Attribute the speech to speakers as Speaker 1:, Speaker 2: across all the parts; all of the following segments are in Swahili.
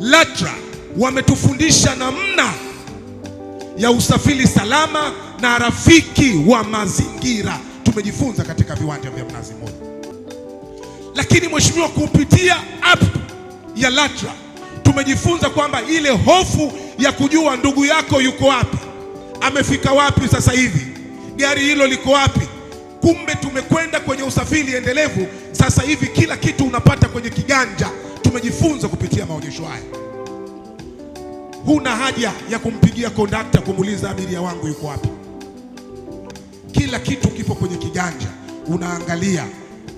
Speaker 1: LATRA wametufundisha namna ya usafiri salama na rafiki wa mazingira. Tumejifunza katika viwanja vya Mnazi Mmoja, lakini mheshimiwa, kupitia app ya LATRA tumejifunza kwamba ile hofu ya kujua ndugu yako yuko wapi, amefika wapi sasa hivi, gari hilo liko wapi. Kumbe tumekwenda kwenye usafiri endelevu. Sasa hivi kila kitu unapata kwenye kiganja tumejifunza kupitia maonyesho haya. Huna haja ya kumpigia kondakta kumuuliza abiria wangu yuko wapi. Kila kitu kipo kwenye kiganja, unaangalia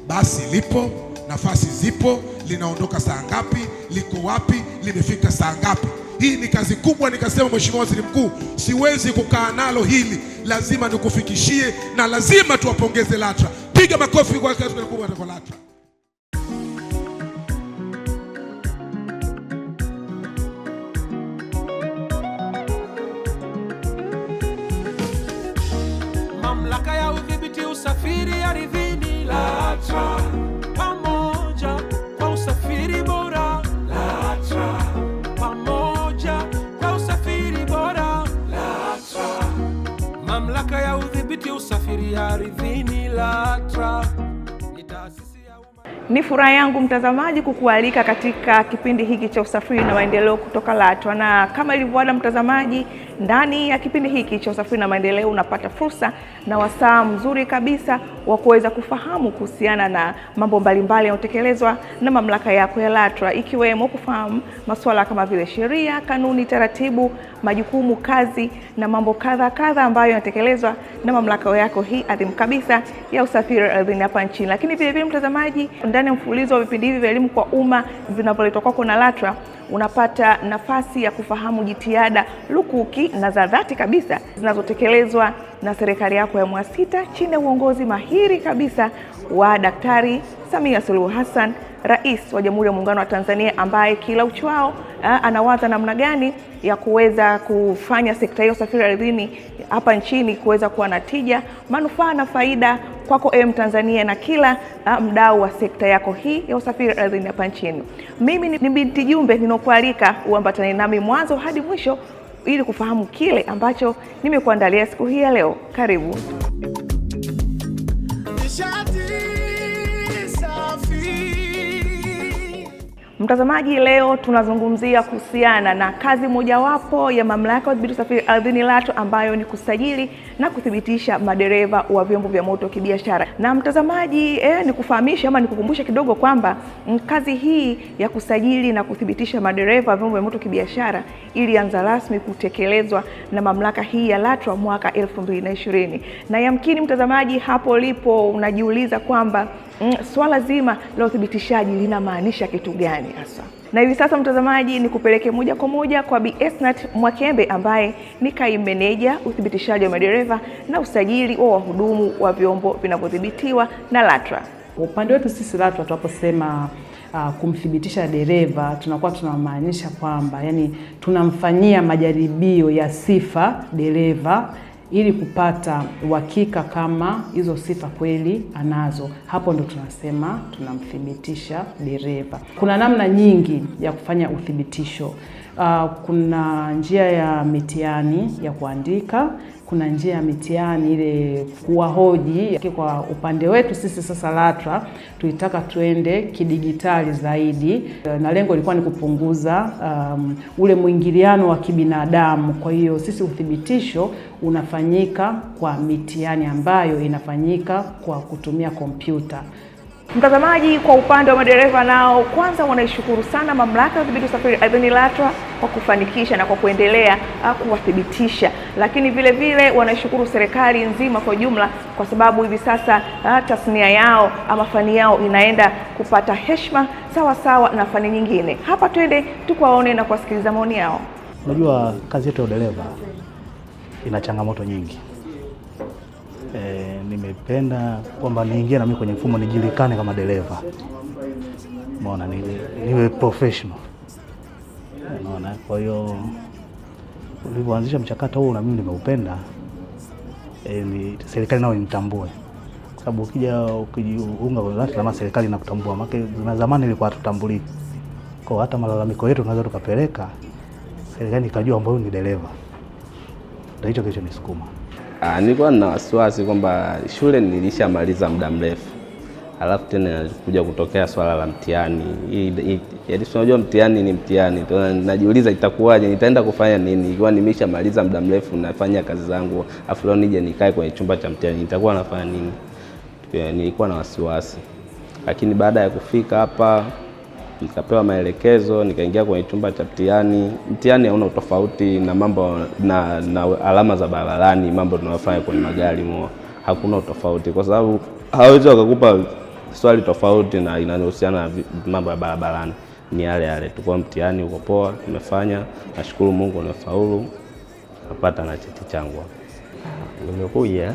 Speaker 1: basi lipo, nafasi zipo, linaondoka saa ngapi, liko wapi, limefika saa ngapi. Hii ni kazi kubwa. Nikasema Mheshimiwa Waziri Mkuu, siwezi kukaa nalo hili, lazima nikufikishie, na lazima tuwapongeze LATRA. Piga makofi kwa kazi kubwa kwa LATRA.
Speaker 2: ardhini LATRA ni taasisi ya umma. Ni furaha yangu mtazamaji, kukualika katika kipindi hiki cha usafiri na maendeleo kutoka LATRA, na kama ilivyoada mtazamaji, ndani ya kipindi hiki cha usafiri na maendeleo unapata fursa na wasaa mzuri kabisa wa kuweza kufahamu kuhusiana na mambo mbalimbali yanayotekelezwa na mamlaka yako ya LATRA, ikiwemo kufahamu masuala kama vile sheria, kanuni, taratibu majukumu, kazi na mambo kadha kadha ambayo yanatekelezwa na mamlaka yako hii adhimu kabisa ya usafiri ardhini hapa nchini. Lakini vile vile, mtazamaji, ndani ya mfululizo wa vipindi hivi vya elimu kwa umma vinavyoletwa kwako na LATRA unapata nafasi ya kufahamu jitihada lukuki na za dhati kabisa zinazotekelezwa na serikali yako ya awamu sita chini ya uongozi mahiri kabisa wa Daktari Samia Suluhu Hassan, Rais wa Jamhuri ya Muungano wa Tanzania, ambaye kila uchao Eh, anawaza namna gani ya kuweza kufanya sekta hiyo usafiri ardhini hapa nchini kuweza kuwa na tija, manufaa na faida kwako e Mtanzania na kila eh, mdau wa sekta yako hii ya usafiri ardhini hapa nchini. Mimi ni Binti Jumbe ninakualika uambatane nami mwanzo hadi mwisho ili kufahamu kile ambacho nimekuandalia siku hii ya leo. Karibu. Mtazamaji, leo tunazungumzia kuhusiana na kazi mojawapo ya Mamlaka ya Udhibiti Usafiri Ardhini LATRA ambayo ni kusajili na kuthibitisha madereva wa vyombo vya moto kibiashara. Na mtazamaji, eh, nikufahamisha ama nikukumbusha kidogo kwamba mm, kazi hii ya kusajili na kuthibitisha madereva wa vyombo vya moto kibiashara ilianza rasmi kutekelezwa na mamlaka hii ya LATRA mwaka 2020. Na yamkini mtazamaji, hapo ulipo unajiuliza kwamba mm, swala zima la uthibitishaji linamaanisha kitu gani hasa? Na hivi sasa, mtazamaji, ni kupeleke moja kwa moja kwa Bi Esnat Mwakembe ambaye ni kaimu meneja uthibitishaji wa madereva na usajili wa wahudumu wa vyombo vinavyodhibitiwa na LATRA.
Speaker 3: Kwa upande wetu sisi LATRA tunaposema Uh, kumthibitisha dereva tunakuwa tunamaanisha kwamba yani tunamfanyia majaribio ya sifa dereva ili kupata uhakika kama hizo sifa kweli anazo. Hapo ndo tunasema tunamthibitisha dereva. Kuna namna nyingi ya kufanya uthibitisho. Uh, kuna njia ya mitihani ya kuandika kuna njia ya mitihani ile kuwahoji. Kwa upande wetu sisi sasa LATRA tulitaka tuende kidigitali zaidi, eh, na lengo lilikuwa ni kupunguza um, ule mwingiliano wa kibinadamu. Kwa hiyo sisi uthibitisho unafanyika kwa mitihani ambayo inafanyika kwa kutumia kompyuta.
Speaker 2: Mtazamaji, kwa upande wa madereva nao, kwanza wanaishukuru sana mamlaka ya udhibiti usafiri ardhini LATRA kwa kufanikisha na kwa kuendelea ah, kuwathibitisha, lakini vile vile wanaishukuru serikali nzima kwa jumla, kwa sababu hivi sasa ah, tasnia yao ama fani yao inaenda kupata heshima sawa sawa na fani nyingine. Hapa twende tukuwaone na kuwasikiliza maoni yao.
Speaker 4: Unajua, kazi yetu ya udereva ina changamoto nyingi e, nimependa kwamba niingie na mimi kwenye mfumo nijulikane kama dereva, umeona, niwe professional, unaona. Kwa hiyo ulivyoanzisha mchakato huu na mimi nimeupenda, e, ni serikali nao initambue sababu ukija ukijiunga kwa lati kama serikali inakutambua, maana zamani ilikuwa hatutambuliki. Kwa hata malalamiko yetu tunaweza tukapeleka serikali ikajua ambayo ni dereva. Ndio hicho kilichonisukuma.
Speaker 5: Ah, nilikuwa na wasiwasi kwamba shule nilishamaliza muda mrefu, alafu tena nilikuja kutokea swala la mtihani. Yaani unajua mtihani ni mtihani, najiuliza itakuwaje, nitaenda kufanya nini ikiwa nimeshamaliza muda mrefu, nafanya kazi zangu, alafu leo nije nikae kwenye chumba cha mtihani, nitakuwa nafanya nini? Nilikuwa na wasiwasi, lakini baada ya kufika hapa nikapewa maelekezo, nikaingia kwenye chumba cha mtihani. Mtihani hauna utofauti na mambo na, na alama za barabarani, mambo tunayofanya kwenye magari mo, hakuna utofauti, kwa sababu hawezi wakakupa swali tofauti na inahusiana na mambo ya barabarani. Ni yale yale tu, kwa mtihani uko poa, tumefanya. Nashukuru Mungu nimefaulu, napata na cheti changu. Nimekuja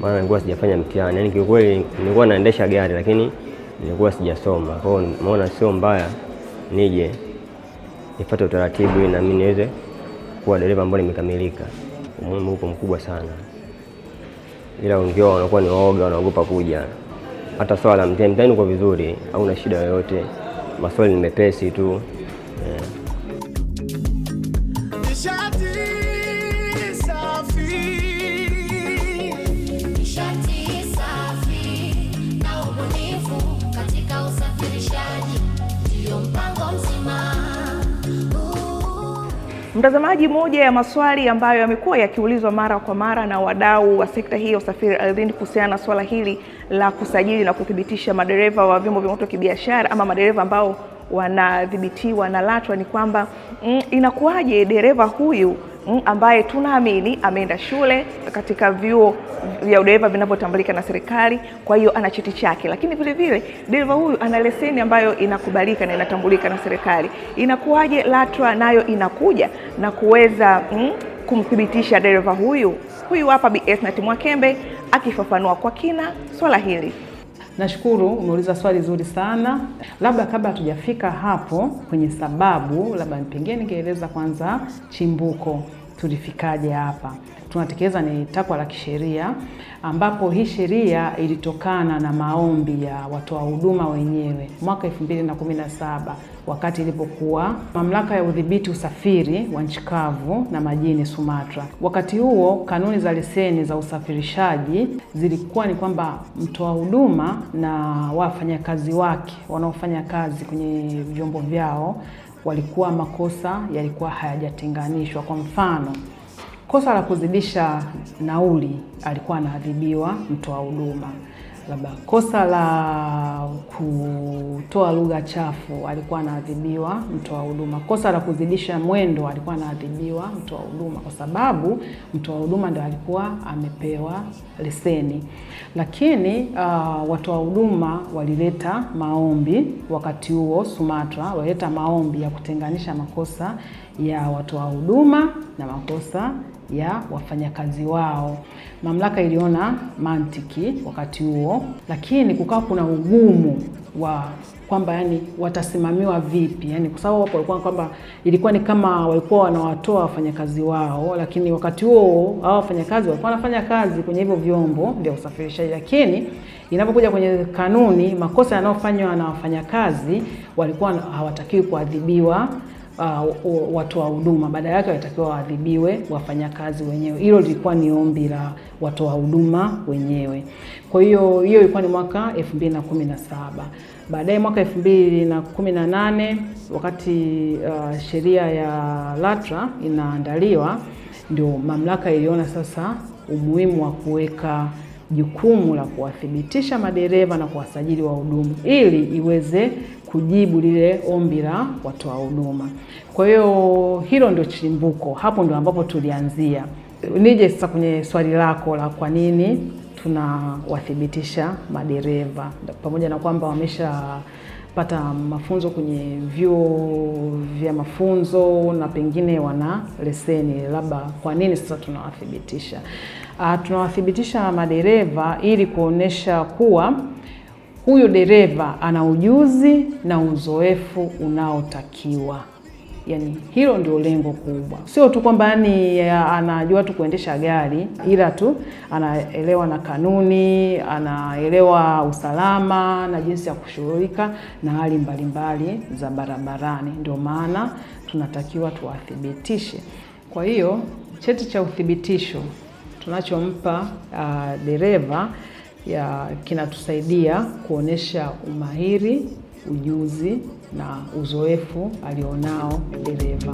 Speaker 5: maana nilikuwa sijafanya mtihani, yaani kiukweli nilikuwa naendesha gari lakini nilikuwa sijasoma. Kwa hiyo maona sio mbaya nije nipate utaratibu na mimi niweze kuwa dereva ambaye nimekamilika. Umuhimu huko mkubwa sana, ila wengi wao wanakuwa ni waoga, wanaogopa kuja. Hata swala mtani mtani uko vizuri, hauna shida yoyote, maswali ni mepesi tu yeah.
Speaker 2: Mtazamaji, moja ya maswali ambayo yamekuwa yakiulizwa mara kwa mara na wadau wa sekta hii ya usafiri ardhini kuhusiana na swala hili la kusajili na kuthibitisha madereva wa vyombo vya moto kibiashara ama madereva ambao wanadhibitiwa na LATRA ni kwamba mm, inakuwaje dereva huyu Mm, ambaye tunaamini ameenda shule katika vyuo vya udereva vinavyotambulika na serikali, kwa hiyo ana cheti chake. Lakini vile vile dereva huyu ana leseni ambayo inakubalika na inatambulika na serikali. Inakuwaje LATRA nayo inakuja na kuweza mm, kumthibitisha dereva huyu? Huyu hapa Bi Esnat Mwakembe akifafanua kwa kina swala hili.
Speaker 3: Nashukuru, umeuliza swali zuri sana. Labda kabla hatujafika hapo kwenye sababu, labda pengine ningeeleza kwanza chimbuko, tulifikaje hapa tunatekeleza ni takwa la kisheria, ambapo hii sheria ilitokana na maombi ya watoa huduma wenyewe mwaka 2017 wakati ilipokuwa mamlaka ya udhibiti usafiri wa nchi kavu na majini SUMATRA. Wakati huo kanuni za leseni za usafirishaji zilikuwa ni kwamba mtoa huduma na wafanyakazi wake wanaofanya kazi kwenye vyombo vyao walikuwa, makosa yalikuwa hayajatenganishwa. Kwa mfano kosa la kuzidisha nauli alikuwa anaadhibiwa mtoa huduma, labda kosa la kutoa lugha chafu alikuwa anaadhibiwa mtoa huduma, kosa la kuzidisha mwendo alikuwa anaadhibiwa mtoa huduma, kwa sababu mtoa huduma ndo alikuwa amepewa leseni. Lakini uh, watoa huduma walileta maombi wakati huo SUMATRA walileta maombi ya kutenganisha makosa ya watoa huduma na makosa ya wafanyakazi wao. Mamlaka iliona mantiki wakati huo, lakini kukawa kuna ugumu wa kwamba yani watasimamiwa vipi, yani kwa sababu walikuwa kwamba ilikuwa ni kama walikuwa wanawatoa wafanyakazi wao, lakini wakati huo hao wafanyakazi walikuwa wanafanya kazi kwenye hivyo vyombo vya usafirishaji, lakini inapokuja kwenye kanuni, makosa yanayofanywa na wafanyakazi walikuwa hawatakiwi kuadhibiwa uh, watoa huduma, badala yake walitakiwa waadhibiwe wafanyakazi wenyewe. Hilo lilikuwa ni ombi la watoa huduma wenyewe. Kwa hiyo hiyo ilikuwa ni mwaka 2017. Baadaye mwaka 2018 wakati uh, sheria ya LATRA inaandaliwa ndio mamlaka iliona sasa umuhimu wa kuweka jukumu la kuwathibitisha madereva na kuwasajili wahudumu ili iweze kujibu lile ombi la watoa huduma. Kwa hiyo hilo ndio chimbuko, hapo ndio ambapo tulianzia. Nije sasa kwenye swali lako la kwa nini tunawathibitisha madereva pamoja na kwamba wameshapata mafunzo kwenye vyuo vya mafunzo na pengine wana leseni, labda kwa nini sasa tunawathibitisha? Uh, tunawathibitisha madereva ili kuonesha kuwa huyu dereva ana ujuzi na uzoefu unaotakiwa. Yani hilo ndio lengo kubwa, sio tu kwamba yani anajua tu kuendesha gari, ila tu anaelewa na kanuni, anaelewa usalama na jinsi ya kushughulika na hali mbalimbali za barabarani. Ndio maana tunatakiwa tuwathibitishe. Kwa hiyo cheti cha uthibitisho tunachompa uh, dereva ya kinatusaidia kuonyesha umahiri, ujuzi na uzoefu alionao dereva.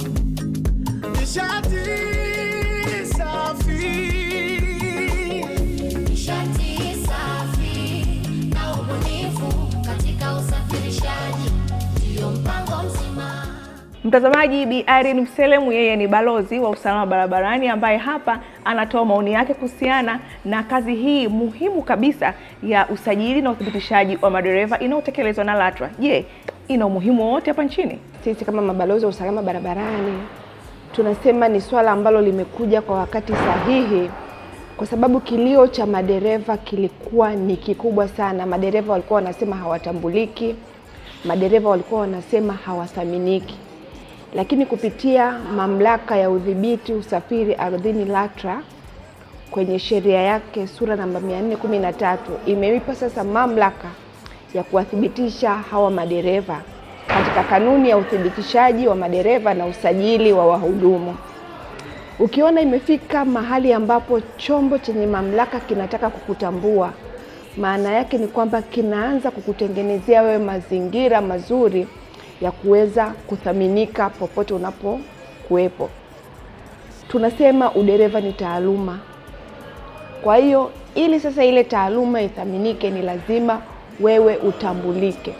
Speaker 2: Mtazamaji, Bi Irene Mselemu yeye ni balozi wa usalama barabarani ambaye hapa anatoa maoni yake kuhusiana na kazi hii muhimu kabisa ya usajili na uthibitishaji wa madereva inayotekelezwa na LATRA. Je, ina umuhimu wowote hapa nchini?
Speaker 6: Sisi kama mabalozi wa usalama barabarani tunasema ni swala ambalo limekuja kwa wakati sahihi, kwa sababu kilio cha madereva kilikuwa ni kikubwa sana. Madereva walikuwa wanasema hawatambuliki, madereva walikuwa wanasema hawathaminiki lakini kupitia mamlaka ya udhibiti usafiri ardhini LATRA kwenye sheria yake sura namba 413 imeipa sasa mamlaka ya kuwathibitisha hawa madereva katika kanuni ya uthibitishaji wa madereva na usajili wa wahudumu. Ukiona imefika mahali ambapo chombo chenye mamlaka kinataka kukutambua, maana yake ni kwamba kinaanza kukutengenezea wewe mazingira mazuri ya kuweza kuthaminika popote unapokuwepo. Tunasema udereva ni taaluma, kwa hiyo ili sasa ile taaluma ithaminike, ni lazima wewe utambulike.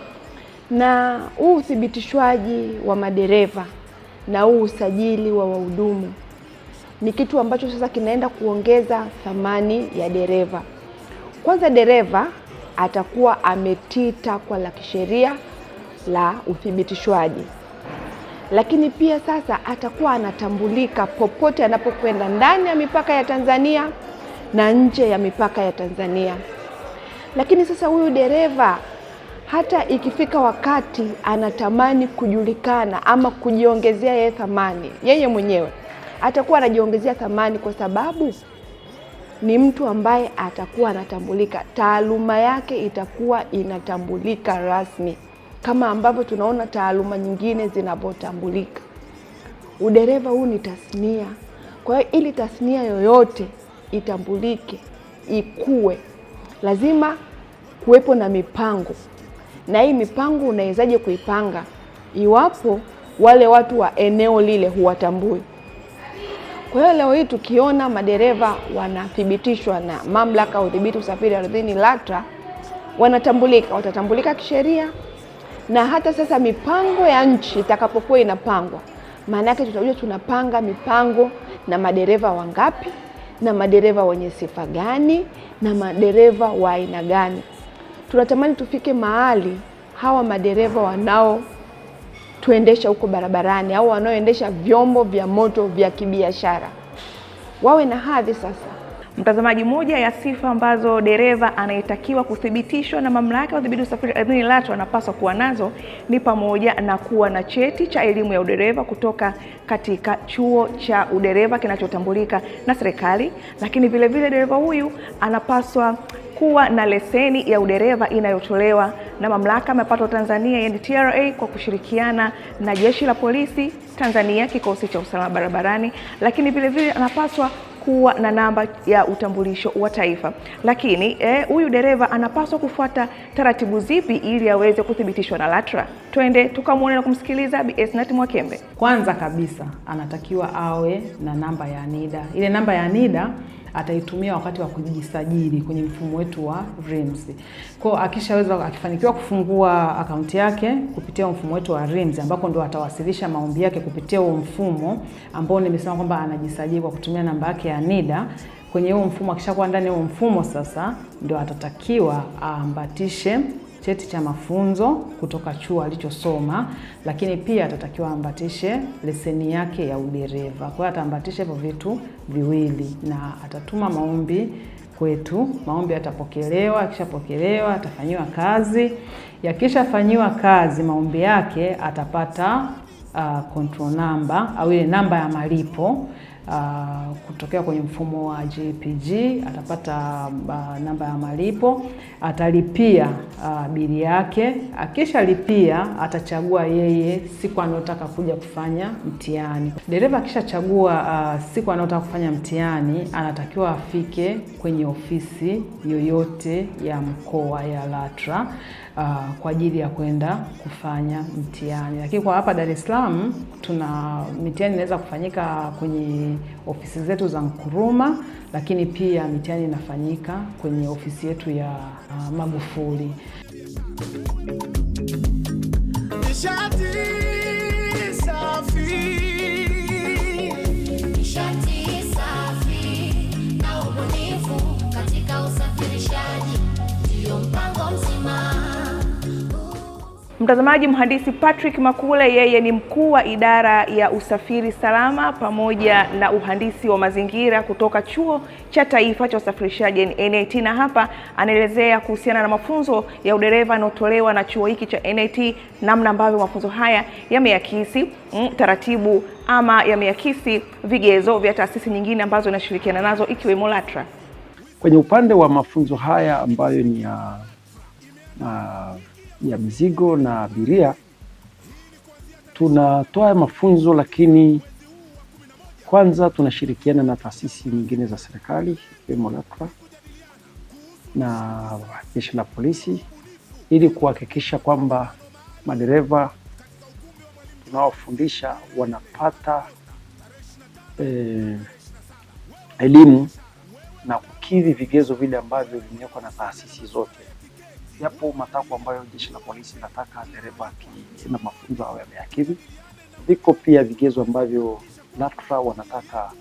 Speaker 6: Na huu uthibitishwaji wa madereva na huu usajili wa wahudumu ni kitu ambacho sasa kinaenda kuongeza thamani ya dereva. Kwanza, dereva atakuwa ametita kwa la kisheria la uthibitishwaji, lakini pia sasa atakuwa anatambulika popote anapokwenda ndani ya mipaka ya Tanzania na nje ya mipaka ya Tanzania. Lakini sasa huyu dereva hata ikifika wakati anatamani kujulikana ama kujiongezea yeye thamani, yeye mwenyewe atakuwa anajiongezea thamani kwa sababu ni mtu ambaye atakuwa anatambulika, taaluma yake itakuwa inatambulika rasmi kama ambavyo tunaona taaluma nyingine zinavyotambulika. Udereva huu ni tasnia, kwa hiyo ili tasnia yoyote itambulike, ikue, lazima kuwepo na mipango. Na hii mipango unawezaje kuipanga iwapo wale watu wa eneo lile huwatambui? Kwa hiyo leo hii tukiona madereva wanathibitishwa na Mamlaka ya Udhibiti Usafiri Ardhini, LATRA, wanatambulika, watatambulika kisheria na hata sasa mipango ya nchi itakapokuwa inapangwa, maana yake tutajua tunapanga mipango na madereva wangapi na madereva wenye sifa gani na madereva wa aina gani. Tunatamani tufike mahali hawa madereva wanaotuendesha huko barabarani au wanaoendesha vyombo vya moto vya kibiashara wawe na hadhi
Speaker 2: sasa Mtazamaji, moja ya sifa ambazo dereva anayetakiwa kuthibitishwa na Mamlaka ya Udhibiti Usafiri Ardhini LATRA anapaswa kuwa nazo ni pamoja na kuwa na cheti cha elimu ya udereva kutoka katika chuo cha udereva kinachotambulika na serikali, lakini vile vile dereva huyu anapaswa kuwa na leseni ya udereva inayotolewa na Mamlaka ya Mapato Tanzania yaani TRA kwa kushirikiana na Jeshi la Polisi Tanzania, kikosi cha usalama barabarani, lakini vile vile anapaswa kuwa na namba ya utambulisho wa taifa. Lakini eh, huyu eh, dereva anapaswa kufuata taratibu zipi ili aweze kuthibitishwa na LATRA? Twende tukamwone na kumsikiliza Bi Esnat Mwakembe.
Speaker 3: Kwanza kabisa anatakiwa awe na namba ya NIDA. Ile namba ya NIDA ataitumia wakati wa kujisajili kwenye mfumo wetu wa RIMS. Kwa hiyo akishaweza, akifanikiwa kufungua akaunti yake kupitia mfumo wetu wa RIMS, ambako ndo atawasilisha maombi yake kupitia huo mfumo ambao nimesema kwamba anajisajili kwa kutumia namba yake ya NIDA kwenye huo mfumo. Akishakuwa ndani huo mfumo, sasa ndio atatakiwa aambatishe cheti cha mafunzo kutoka chuo alichosoma, lakini pia atatakiwa aambatishe leseni yake ya udereva. Kwa hiyo ataambatisha hivyo vitu viwili na atatuma maombi kwetu. Maombi yatapokelewa, akishapokelewa atafanyiwa kazi, yakishafanyiwa kazi maombi yake atapata uh, control number au ile namba ya malipo Uh, kutokea kwenye mfumo wa JPG atapata uh, namba ya malipo atalipia uh, bili yake. Akishalipia atachagua yeye siku anayotaka kuja kufanya mtihani. Dereva akishachagua uh, siku anayotaka kufanya mtihani, anatakiwa afike kwenye ofisi yoyote ya mkoa ya LATRA uh, kwa ajili ya kwenda kufanya mtihani. Lakini kwa hapa Dar es Salaam tuna mitihani inaweza kufanyika kwenye ofisi zetu za Nkuruma lakini pia mitihani inafanyika kwenye ofisi yetu ya uh, Magufuli.
Speaker 2: Mtazamaji, mhandisi Patrick Makule yeye ni mkuu wa idara ya usafiri salama pamoja na uhandisi wa mazingira kutoka Chuo cha Taifa cha Usafirishaji NIT, na hapa anaelezea kuhusiana na mafunzo ya udereva yanayotolewa na chuo hiki cha NIT, namna ambavyo mafunzo haya yameakisi mm, taratibu ama yameakisi vigezo vya taasisi nyingine ambazo inashirikiana nazo ikiwemo LATRA.
Speaker 4: Kwenye upande wa mafunzo haya ambayo ni ya uh, ya mizigo na abiria, tunatoa mafunzo, lakini kwanza tunashirikiana na taasisi nyingine za serikali ikiwemo LATRA na jeshi la polisi ili kuhakikisha kwamba madereva tunaofundisha wanapata eh, elimu na kukidhi vigezo vile ambavyo vimewekwa na taasisi zote yapo matakwa ambayo jeshi la polisi nataka dereva akienda mafunzo awe ameyakidhi. Viko pia vigezo ambavyo LATRA wanataka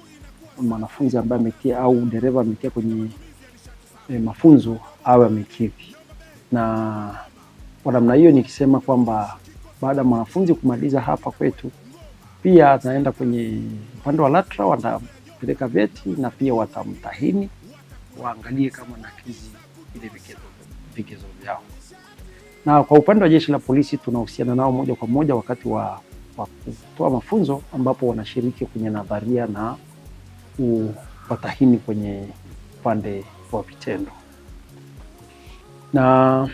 Speaker 4: mwanafunzi ambaye ametia au dereva ametia kwenye e, mafunzo awe amekidhi, na kwa namna hiyo nikisema kwamba baada ya mwanafunzi kumaliza hapa kwetu, pia ataenda kwenye upande wa LATRA, wanapeleka vyeti na pia watamtahini waangalie kama nakizi ile vigezo vigezo vyao. Na kwa upande wa jeshi la polisi tunahusiana nao moja kwa moja wakati wa, wa kutoa mafunzo ambapo wanashiriki kwenye nadharia na upatahini kwenye upande wa vitendo. Na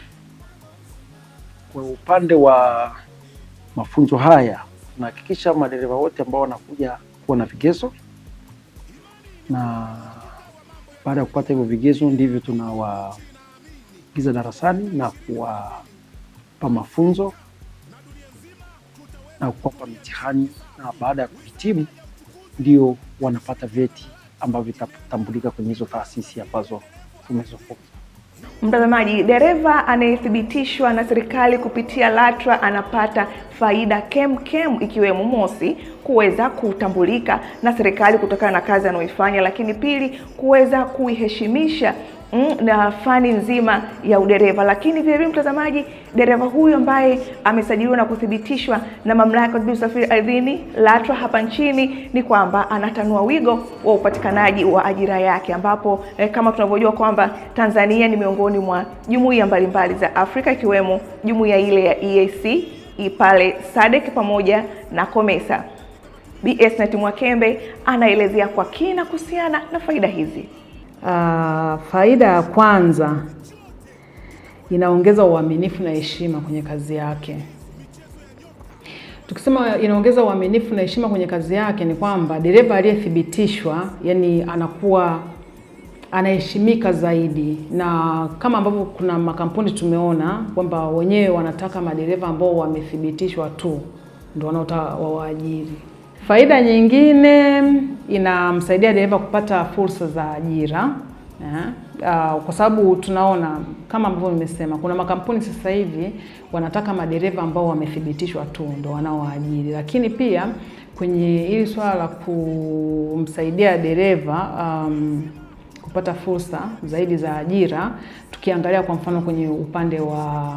Speaker 4: kwa upande wa mafunzo haya tunahakikisha madereva wote ambao wanakuja kuwa na vigezo, na baada ya kupata hivyo vigezo ndivyo tunawa kuingiza darasani na kuwapa mafunzo na kuwapa mitihani, na baada ya kuhitimu ndio wanapata vyeti ambavyo vitatambulika kwenye hizo taasisi ambazo tumezofunza.
Speaker 2: Mtazamaji, dereva anayethibitishwa na serikali kupitia LATRA anapata faida kem, ikiwemo mosi, kuweza kutambulika na serikali kutokana na kazi anayoifanya, lakini pili, kuweza kuiheshimisha Mm, na fani nzima ya udereva. Lakini vilevile mtazamaji, dereva huyu ambaye amesajiliwa na kuthibitishwa na mamlaka ya usafiri ardhini LATRA hapa nchini ni kwamba anatanua wigo wa upatikanaji wa ajira yake, ambapo eh, kama tunavyojua kwamba Tanzania ni miongoni mwa jumuiya mbalimbali za Afrika ikiwemo jumuiya ile ya EAC, Ipale, SADC pamoja na COMESA. BS Nati anaelezea kwa kina kuhusiana na faida hizi. Uh,
Speaker 3: faida ya kwanza inaongeza uaminifu na heshima kwenye kazi yake. Tukisema inaongeza uaminifu na heshima kwenye kazi yake ni kwamba dereva aliyethibitishwa, yani, anakuwa anaheshimika zaidi, na kama ambavyo kuna makampuni tumeona kwamba wenyewe wanataka madereva ambao wamethibitishwa tu ndio wawaajiri. Faida nyingine inamsaidia dereva kupata fursa za ajira uh, kwa sababu tunaona kama ambavyo nimesema, kuna makampuni sasa hivi wanataka madereva ambao wamethibitishwa tu ndo wanaoajiri, lakini pia kwenye hili swala la kumsaidia dereva um, kupata fursa zaidi za ajira, tukiangalia kwa mfano kwenye upande wa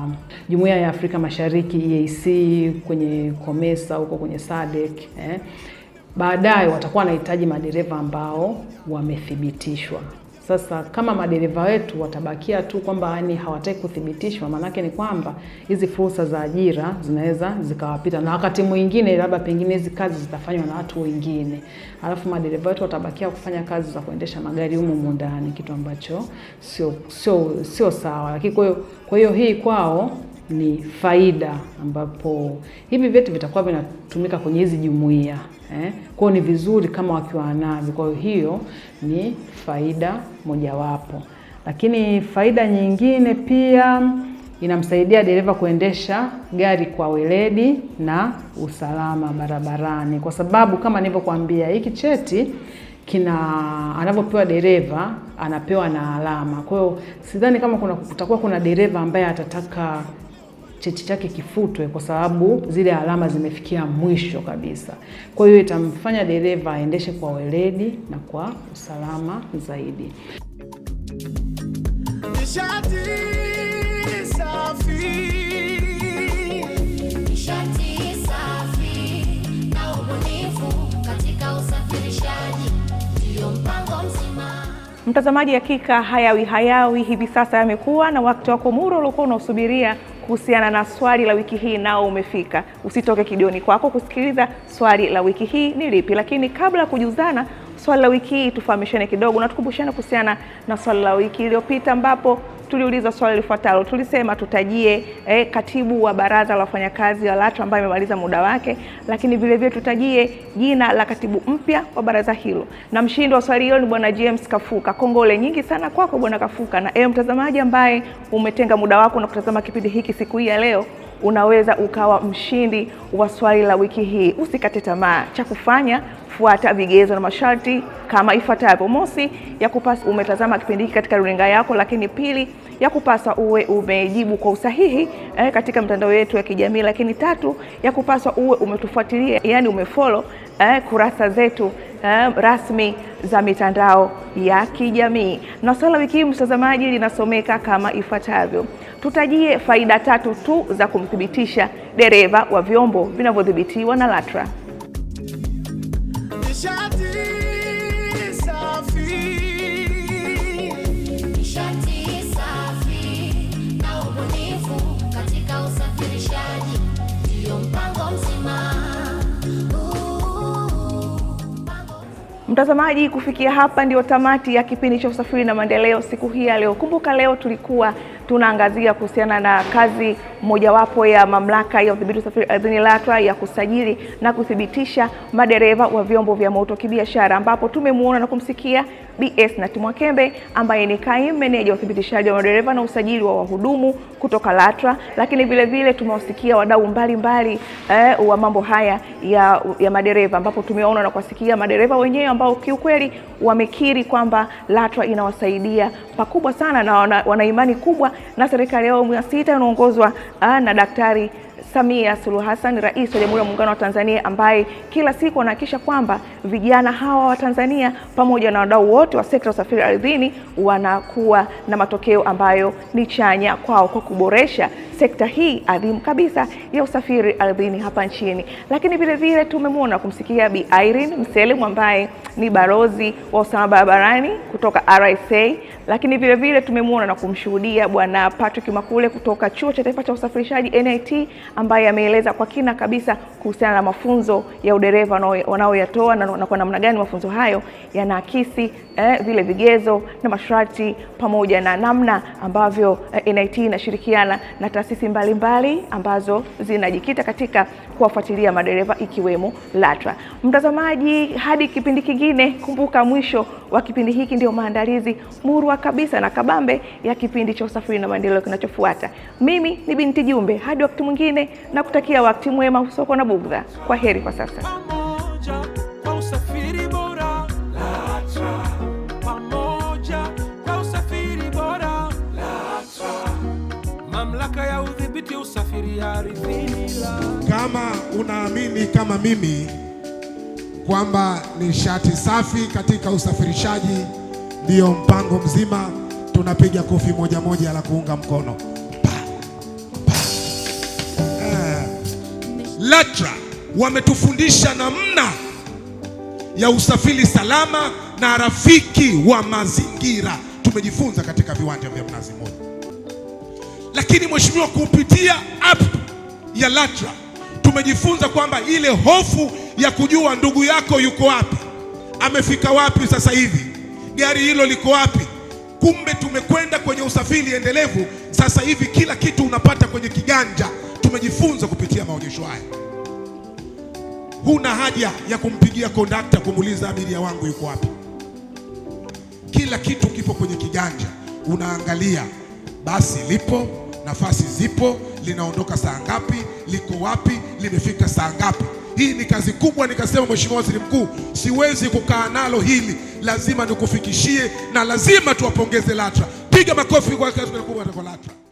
Speaker 3: Jumuiya ya Afrika Mashariki EAC, kwenye COMESA huko kwenye SADC eh. Baadaye watakuwa wanahitaji madereva ambao wamethibitishwa. Sasa kama madereva wetu watabakia tu kwamba yani hawataki kuthibitishwa, maanake ni kwamba hizi fursa za ajira zinaweza zikawapita, na wakati mwingine labda pengine hizi kazi zitafanywa na watu wengine, alafu madereva wetu watabakia kufanya kazi za kuendesha magari humu mundani kitu ambacho sio sio sio sawa. Lakini kwa hiyo hii kwao ni faida, ambapo hivi vyeti vitakuwa vinatumika kwenye hizi jumuiya eh. Kwao ni vizuri kama wakiwa navyo, kwa hiyo ni faida mojawapo. Lakini faida nyingine pia inamsaidia dereva kuendesha gari kwa weledi na usalama barabarani, kwa sababu kama nilivyokuambia, hiki cheti kina anavyopewa dereva anapewa na alama. Kwa hiyo sidhani kama kuna kutakuwa kuna dereva ambaye atataka cheti chake kifutwe kwa sababu zile alama zimefikia mwisho kabisa. Kwa hiyo itamfanya dereva aendeshe kwa weledi na kwa usalama zaidi.
Speaker 2: Mtazamaji, hakika hayawi hayawi hivi sasa yamekuwa na wakati wako muro uliokuwa unaosubiria kuhusiana na swali la wiki hii nao umefika. Usitoke kidioni kwako kusikiliza swali la wiki hii ni lipi, lakini kabla ya kujuzana swali la wiki hii tufahamishane kidogo na tukumbushane kuhusiana na swali la wiki iliyopita ambapo tuliuliza swali lifuatalo. Tulisema tutajie eh, katibu wa baraza la wafanyakazi wa LATRA ambaye amemaliza muda wake, lakini vile vile tutajie jina la katibu mpya wa baraza hilo, na mshindi wa swali hilo ni bwana James Kafuka. Kongole nyingi sana kwako bwana Kafuka, na ewe eh, mtazamaji ambaye umetenga muda wako na kutazama kipindi hiki siku hii ya leo unaweza ukawa mshindi wa swali la wiki hii. Usikate tamaa, cha kufanya fuata vigezo na masharti kama ifuatavyo: mosi, ya kupasa umetazama kipindi hiki katika runinga yako, lakini pili, ya kupaswa uwe umejibu kwa usahihi eh, katika mtandao yetu ya kijamii, lakini tatu, ya kupaswa uwe umetufuatilia, yani umefollow eh, kurasa zetu eh, rasmi za mitandao ya kijamii. Na swali la wiki hii mtazamaji linasomeka kama ifuatavyo: tutajie faida tatu tu za kumthibitisha dereva wa vyombo vinavyodhibitiwa na LATRA. Mtazamaji, kufikia hapa ndio tamati ya kipindi cha usafiri na maendeleo siku hii ya leo. Kumbuka leo tulikuwa tunaangazia kuhusiana na kazi mojawapo ya mamlaka ya udhibiti usafiri ardhini LATRA ya kusajili na kuthibitisha madereva wa vyombo vya moto kibiashara, ambapo tumemwona na kumsikia BS Natimwakembe ambaye ni kaimu meneja wa uthibitishaji wa madereva na usajili wa wahudumu kutoka LATRA, lakini vile vile tumewasikia wadau mbalimbali eh, wa mambo haya ya, ya madereva ambapo tumeona na kuwasikia madereva wenyewe ambao kiukweli wamekiri kwamba LATRA inawasaidia pakubwa sana na wana, wana imani kubwa na serikali ya awamu ya sita inaongozwa ah, na Daktari Samia Suluhu Hassan, rais wa Jamhuri ya Muungano wa Tanzania, ambaye kila siku anahakikisha kwamba vijana hawa wa Tanzania pamoja na wadau wote wa sekta ya usafiri ardhini wanakuwa na matokeo ambayo ni chanya kwao kwa kuboresha sekta hii adhimu kabisa ya usafiri ardhini hapa nchini. Lakini vile vile tumemwona kumsikia Bi Irene Mselemu ambaye ni balozi wa usalama barabarani kutoka RSA, lakini vile vile tumemwona na kumshuhudia Bwana Patrick Makule kutoka Chuo cha Taifa cha Usafirishaji NIT ambaye ameeleza kwa kina kabisa kuhusiana na mafunzo ya udereva wanaoyatoa na kwa namna gani mafunzo hayo yanaakisi eh, vile vigezo na masharti pamoja na namna ambavyo eh, NIT inashirikiana na taasisi mbalimbali ambazo zinajikita katika kuwafuatilia madereva ikiwemo LATRA. Mtazamaji, hadi kipindi kingine, kumbuka mwisho wa kipindi hiki ndio maandalizi murwa kabisa na kabambe ya kipindi cha usafiri na maendeleo kinachofuata. Mimi ni Binti Jumbe, hadi wakati mwingine, na kutakia wakati mwema usoko na bugdha. Kwa heri kwa sasa.
Speaker 1: Kama unaamini kama mimi kwamba nishati safi katika usafirishaji ndiyo mpango mzima, tunapiga kofi moja moja la kuunga mkono eh, LATRA wametufundisha namna ya usafiri salama na rafiki wa mazingira, tumejifunza katika viwanja vya Mnazi Mmoja. Lakini mheshimiwa, kupitia app ya LATRA tumejifunza kwamba ile hofu ya kujua ndugu yako yuko wapi, amefika wapi, sasa hivi gari hilo liko wapi, kumbe tumekwenda kwenye usafiri endelevu. Sasa hivi kila kitu unapata kwenye kiganja. Tumejifunza kupitia maonyesho haya, huna haja ya kumpigia kondakta kumuuliza abiria wangu yuko wapi. Kila kitu kipo kwenye kiganja, unaangalia basi lipo nafasi zipo, linaondoka saa ngapi, liko wapi, limefika saa ngapi? Hii ni kazi kubwa. Nikasema, Mheshimiwa Waziri Mkuu, siwezi kukaa nalo hili, lazima nikufikishie, na lazima tuwapongeze LATRA. Piga makofi kwa kazi kubwa ya LATRA.